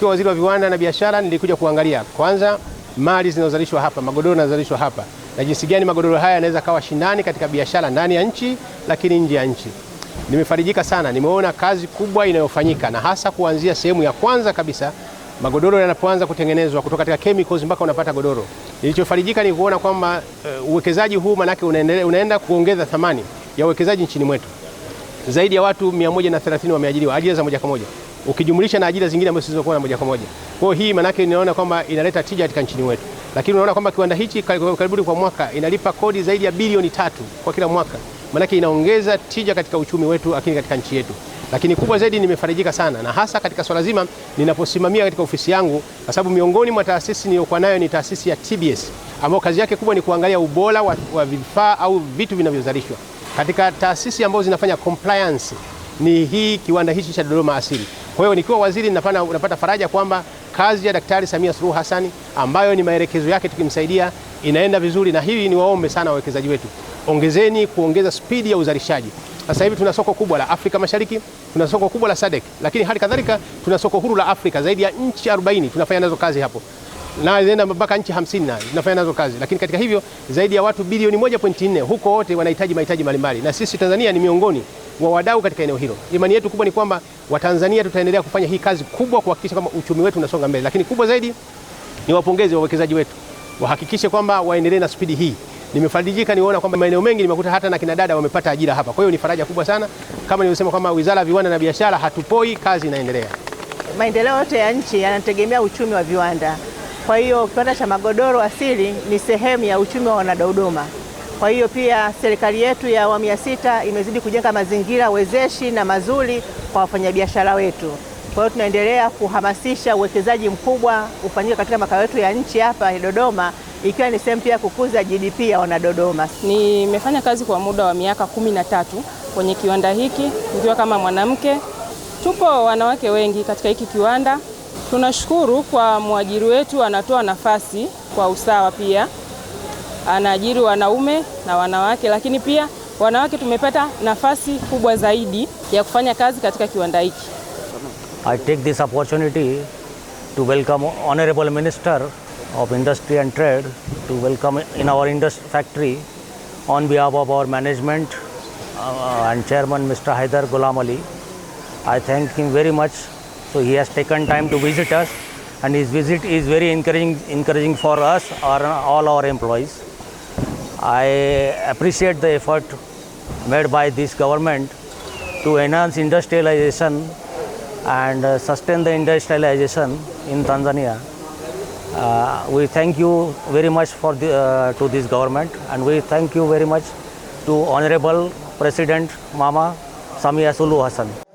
Kwa waziri wa viwanda na biashara, nilikuja kuangalia kwanza mali zinazozalishwa hapa, magodoro yanazalishwa hapa na jinsi gani magodoro haya yanaweza kawa shindani katika biashara ndani ya nchi, lakini nje ya nchi. Nimefarijika sana, nimeona kazi kubwa inayofanyika na hasa kuanzia sehemu ya kwanza kabisa magodoro yanapoanza kutengenezwa kutoka katika chemicals mpaka unapata godoro. Nilichofarijika ni kuona kwamba uh, uwekezaji huu manake unaendelea, unaenda kuongeza thamani ya uwekezaji nchini mwetu. Zaidi ya watu 130 wameajiriwa ajira za moja kwa moja ukijumlisha na ajira zingine ambazo zisizokuwa na moja kwa moja. Kwa hiyo hii maanake inaona kwamba inaleta tija katika nchini wetu, lakini unaona kwamba kiwanda hichi karibuni kwa mwaka inalipa kodi zaidi ya bilioni tatu kwa kila mwaka, maanake inaongeza tija katika uchumi wetu, lakini katika nchi yetu lakini kubwa zaidi nimefarijika sana na hasa katika swala zima ninaposimamia katika ofisi yangu, kwa sababu miongoni mwa taasisi niliyokuwa nayo ni taasisi ya TBS ambayo kazi yake kubwa ni kuangalia ubora wa, wa vifaa au vitu vinavyozalishwa katika taasisi ambazo zinafanya compliance. Ni hii kiwanda hichi cha Dodoma Asili. Kwa hiyo nikiwa waziri napana, napata faraja kwamba kazi ya Daktari Samia Suluhu Hassan ambayo ni maelekezo yake tukimsaidia inaenda vizuri, na hili waombe sana wawekezaji wetu, ongezeni kuongeza spidi ya uzalishaji. Sasa hivi tuna soko kubwa la Afrika Mashariki, tuna soko kubwa la SADC, lakini hali kadhalika tuna soko huru la Afrika zaidi ya nchi 40 tunafanya nazo kazi hapo na zinaenda mpaka nchi 50 na zinafanya nazo kazi, lakini katika hivyo zaidi ya watu bilioni 1.4 huko wote wanahitaji mahitaji mbalimbali, na sisi Tanzania ni miongoni wa wadau katika eneo hilo. Imani yetu kubwa ni kwamba Watanzania tutaendelea kufanya hii kazi kubwa kuhakikisha kwamba uchumi wetu unasonga mbele, lakini kubwa zaidi ni wapongeze wawekezaji wetu, wahakikishe kwamba waendelee na spidi hii. Nimefarijika niona kwamba maeneo mengi nimekuta hata na kina dada wamepata ajira hapa, kwa hiyo ni faraja kubwa sana. Kama nilivyosema kwamba Wizara ya Viwanda na Biashara hatupoi, kazi inaendelea. Maendeleo yote ya nchi yanategemea uchumi wa viwanda. Kwa hiyo kiwanda cha magodoro asili ni sehemu ya uchumi wa Wanadodoma. Kwa hiyo pia serikali yetu ya awamu ya sita imezidi kujenga mazingira wezeshi na mazuri kwa wafanyabiashara wetu. Kwa hiyo tunaendelea kuhamasisha uwekezaji mkubwa ufanyike katika makao yetu ya nchi hapa Dodoma, ikiwa ni sehemu pia kukuza GDP ya wana dodoma Nimefanya kazi kwa muda wa miaka kumi na tatu kwenye kiwanda hiki nikiwa kama mwanamke. Tupo wanawake wengi katika hiki kiwanda. Tunashukuru kwa mwajiri wetu anatoa nafasi kwa usawa pia anaajiri wanaume na wanawake, lakini pia wanawake tumepata nafasi kubwa zaidi ya kufanya kazi katika kiwanda hiki. I take this opportunity to welcome honorable minister of industry and trade to welcome in our industry factory on behalf of our management uh, and chairman Mr. Haider Ghulam Ali. I thank him very much. So he has taken time to visit us and his visit is very encouraging, encouraging for us or all our employees. I appreciate the effort made by this government to enhance industrialization and uh, sustain the industrialization in Tanzania. Uh, we thank you very much for the, uh, to this government and we thank you very much to Honorable President Mama Samia Sulu Hassan.